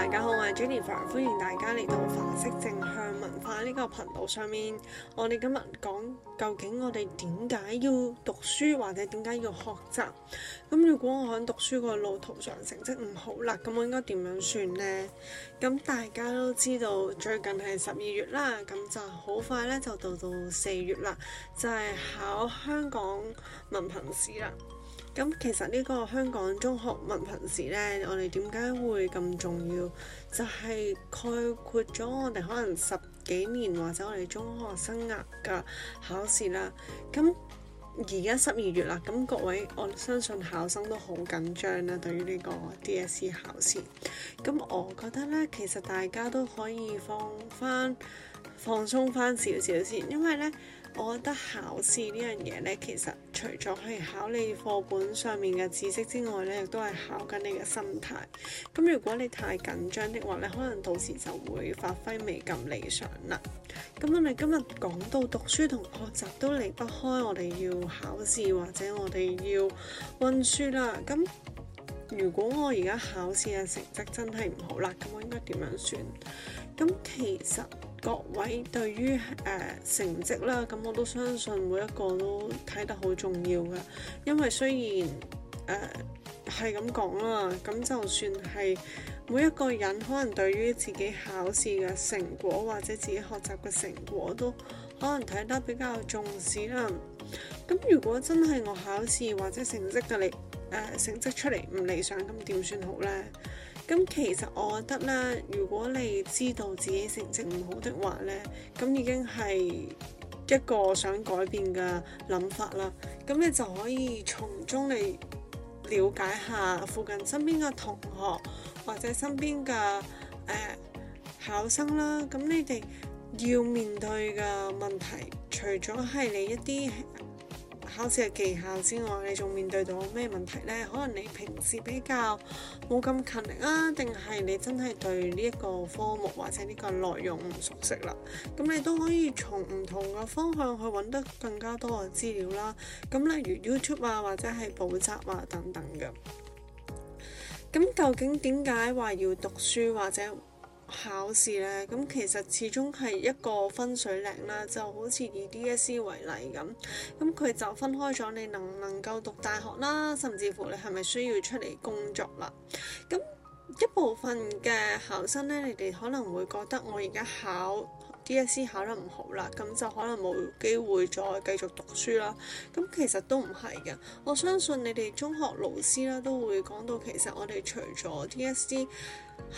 大家好，我係 Jennifer，歡迎大家嚟到法式正向文化呢個頻道上面。我哋今日講究竟我哋點解要讀書或者點解要學習？咁如果我喺讀書個路途上成績唔好啦，咁我應該點樣算呢？咁大家都知道最近係十二月啦，咁就好快咧就到到四月啦，就係考香港文憑試啦。咁其實呢個香港中學文憑試呢，我哋點解會咁重要？就係、是、概括咗我哋可能十幾年或者我哋中學生涯嘅考試啦。咁而家十二月啦，咁各位我相信考生都好緊張啦，對於呢個 DSE 考試。咁我覺得呢，其實大家都可以放翻放鬆翻少少先，因為呢。我覺得考試呢樣嘢呢，其實除咗可以考你課本上面嘅知識之外呢，亦都係考緊你嘅心態。咁如果你太緊張的話，呢可能到時就會發揮未咁理想啦。咁我哋今日講到讀書同學習都離不開我哋要考試或者我哋要温書啦。咁如果我而家考試嘅成績真係唔好啦，咁我應該點樣算？咁其實。各位對於誒、呃、成績啦，咁我都相信每一個都睇得好重要㗎。因為雖然誒係咁講啦，咁、呃、就算係每一個人可能對於自己考試嘅成果或者自己學習嘅成果都可能睇得比較重視啦。咁如果真係我考試或者成績嘅你成績出嚟唔理想，咁點算好呢？咁其實我覺得咧，如果你知道自己成績唔好的話咧，咁已經係一個想改變嘅諗法啦。咁你就可以從中嚟了解下附近身邊嘅同學，或者身邊嘅、呃、考生啦。咁你哋要面對嘅問題，除咗係你一啲。考試嘅技巧之外，你仲面對到咩問題呢？可能你平時比較冇咁勤力啊，定係你真係對呢一個科目或者呢個內容唔熟悉啦。咁你都可以從唔同嘅方向去揾得更加多嘅資料啦。咁例如 YouTube 啊，或者係補習啊等等嘅。咁究竟點解話要讀書或者？考試呢，咁其實始終係一個分水嶺啦，就好似以 D.S.C 為例咁，咁佢就分開咗，你能唔能夠讀大學啦，甚至乎你係咪需要出嚟工作啦？咁一部分嘅考生呢，你哋可能會覺得我而家考 D.S.C 考得唔好啦，咁就可能冇機會再繼續讀書啦。咁其實都唔係嘅，我相信你哋中學老師啦都會講到，其實我哋除咗 D.S.C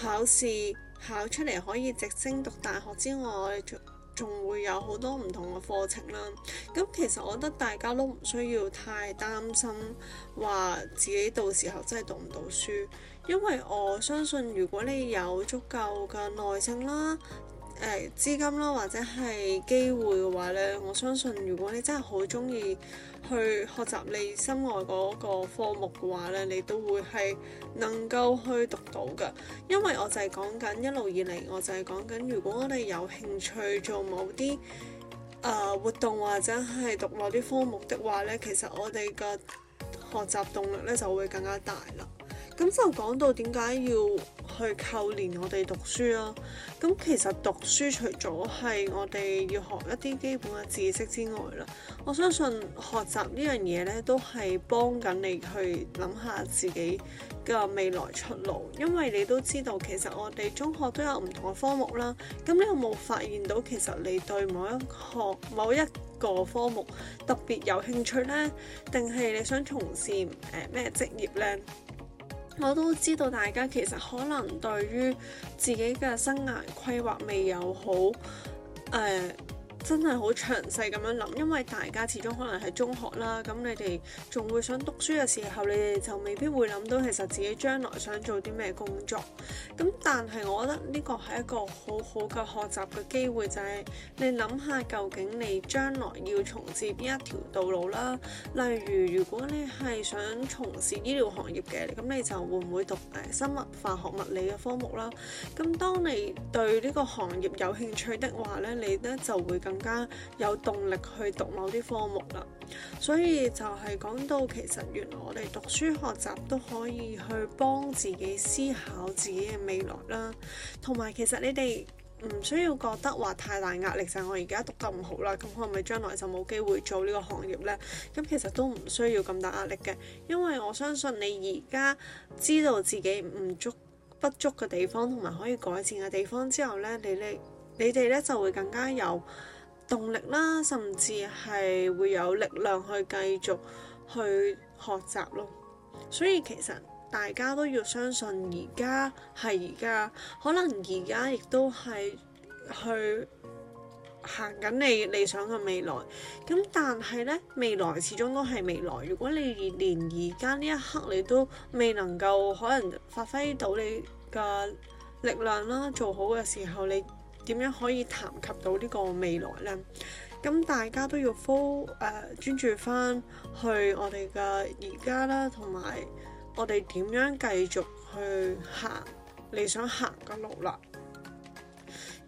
考試考出嚟可以直升讀大學之外，仲仲會有好多唔同嘅課程啦。咁其實我覺得大家都唔需要太擔心，話自己到時候真係讀唔到書，因為我相信如果你有足夠嘅耐性啦。誒、哎、資金啦，或者係機會嘅話呢，我相信如果你真係好中意去學習你心愛嗰個科目嘅話呢，你都會係能夠去讀到㗎。因為我就係講緊一路以嚟，我就係講緊，如果我哋有興趣做某啲誒、呃、活動或者係讀某啲科目的話呢，其實我哋嘅學習動力呢就會更加大啦。咁就講到點解要去扣連我哋讀書啦、啊。咁其實讀書除咗係我哋要學一啲基本嘅知識之外啦，我相信學習呢樣嘢咧都係幫緊你去諗下自己嘅未來出路，因為你都知道其實我哋中學都有唔同嘅科目啦。咁你有冇發現到其實你對某一學某一個科目特別有興趣呢？定係你想從事誒咩職業呢？我都知道大家其實可能對於自己嘅生涯規劃未有好誒，呃真係好詳細咁樣諗，因為大家始終可能係中學啦，咁你哋仲會想讀書嘅時候，你哋就未必會諗到其實自己將來想做啲咩工作。咁但係我覺得呢個係一個好好嘅學習嘅機會，就係你諗下究竟你將來要從事邊一條道路啦。例如如果你係想從事醫療行業嘅，咁你就會唔會讀誒生物、化學物理嘅科目啦？咁當你對呢個行業有興趣的話咧，你咧就會更。更加有動力去讀某啲科目啦，所以就係講到其實原來我哋讀書學習都可以去幫自己思考自己嘅未來啦，同埋其實你哋唔需要覺得話太大壓力，就係我而家讀得唔好啦，咁我咪將來就冇機會做呢個行業呢？咁其實都唔需要咁大壓力嘅，因為我相信你而家知道自己唔足不足嘅地方，同埋可以改善嘅地方之後呢，你你你哋呢就會更加有。動力啦，甚至係會有力量去繼續去學習咯。所以其實大家都要相信，而家係而家，可能而家亦都係去行緊你理想嘅未來。咁但係呢，未來始終都係未來。如果你而連而家呢一刻你都未能夠可能發揮到你嘅力量啦，做好嘅時候你。點樣可以談及到呢個未來呢？咁大家都要 focus 誒，專、呃、注翻去我哋嘅而家啦，同埋我哋點樣繼續去行你想行嘅路啦。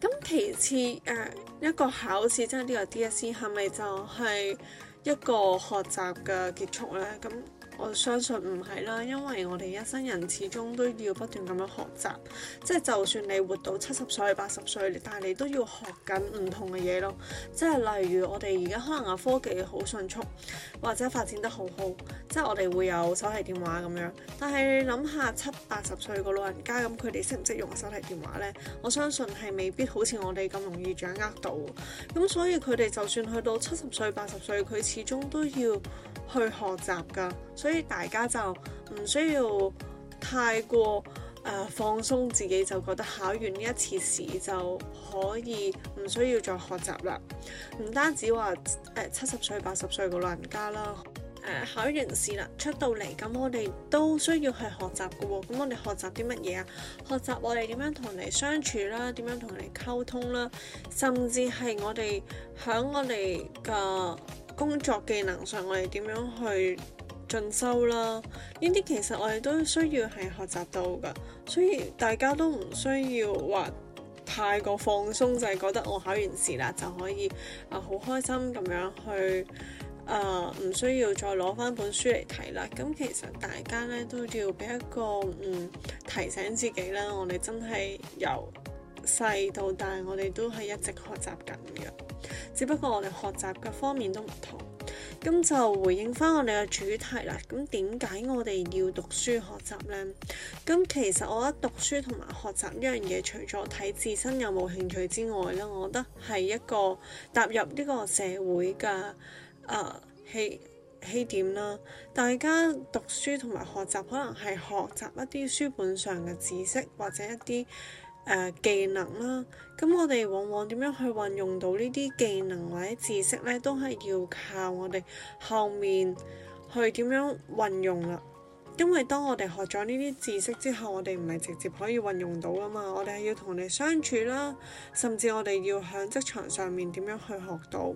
咁其次誒、呃，一個考試即係呢個 DSE，係咪就係一個學習嘅結束呢？咁。我相信唔係啦，因為我哋一生人始終都要不斷咁樣學習，即係就算你活到七十歲八十歲，但係你都要學緊唔同嘅嘢咯。即係例如我哋而家可能個科技好迅速，或者發展得好好，即係我哋會有手提電話咁樣，但係你諗下，七八十歲個老人家咁，佢哋識唔識用手提電話咧？我相信係未必好似我哋咁容易掌握到。咁所以佢哋就算去到七十歲八十歲，佢始終都要。去學習㗎，所以大家就唔需要太過誒、呃、放鬆自己，就覺得考完呢一次試就可以唔需要再學習啦。唔單止話誒、呃、七十歲八十歲個老人家啦，誒、呃、考完試啦，出到嚟，咁我哋都需要去學習嘅喎。咁我哋學習啲乜嘢啊？學習我哋點樣同人哋相處啦，點樣同人哋溝通啦，甚至係我哋喺我哋嘅。工作技能上，我哋點樣去進修啦？呢啲其實我哋都需要係學習到噶，所以大家都唔需要話太過放鬆，就係、是、覺得我考完試啦就可以啊好、呃、開心咁樣去啊，唔、呃、需要再攞翻本書嚟睇啦。咁其實大家咧都要俾一個嗯提醒自己啦，我哋真係由。細到大，我哋都係一直學習緊嘅。只不過我哋學習嘅方面都唔同。咁就回應翻我哋嘅主題啦。咁點解我哋要讀書學習呢？咁其實我覺得讀書同埋學習一樣嘢，除咗睇自身有冇興趣之外，呢我覺得係一個踏入呢個社會嘅誒起起點啦。大家讀書同埋學習，可能係學習一啲書本上嘅知識，或者一啲。呃、技能啦，咁我哋往往點樣去運用到呢啲技能或者知識呢？都係要靠我哋後面去點樣運用啦。因為當我哋學咗呢啲知識之後，我哋唔係直接可以運用到吖嘛，我哋係要同你相處啦，甚至我哋要喺職場上面點樣去學到。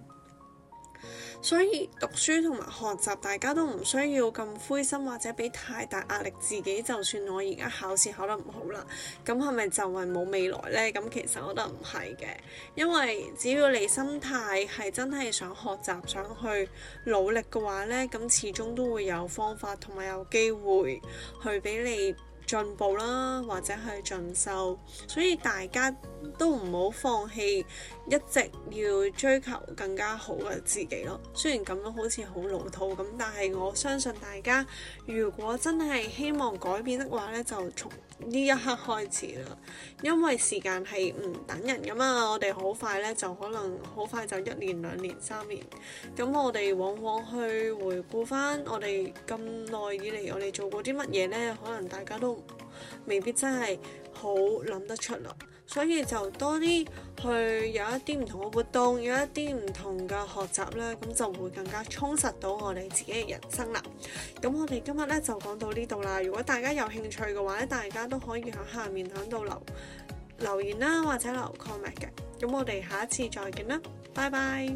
所以讀書同埋學習，大家都唔需要咁灰心或者畀太大壓力。自己就算我而家考試考得唔好啦，咁係咪就係冇未來呢？咁其實我覺得唔係嘅，因為只要你心態係真係想學習、想去努力嘅話呢，咁始終都會有方法同埋有機會去畀你。進步啦，或者係進修，所以大家都唔好放棄，一直要追求更加好嘅自己咯。雖然咁樣好似好老套咁，但係我相信大家如果真係希望改變嘅話呢，就從呢一刻開始啦。因為時間係唔等人㗎嘛，我哋好快呢，就可能好快就一年、兩年、三年。咁我哋往往去回顧翻我哋咁耐以嚟，我哋做過啲乜嘢呢？可能大家都～未必真係好諗得出咯，所以就多啲去有一啲唔同嘅活動，有一啲唔同嘅學習啦，咁就會更加充實到我哋自己嘅人生啦。咁我哋今日咧就講到呢度啦。如果大家有興趣嘅話咧，大家都可以喺下面響度留留言啦，或者留 comment 嘅。咁我哋下一次再見啦，拜拜。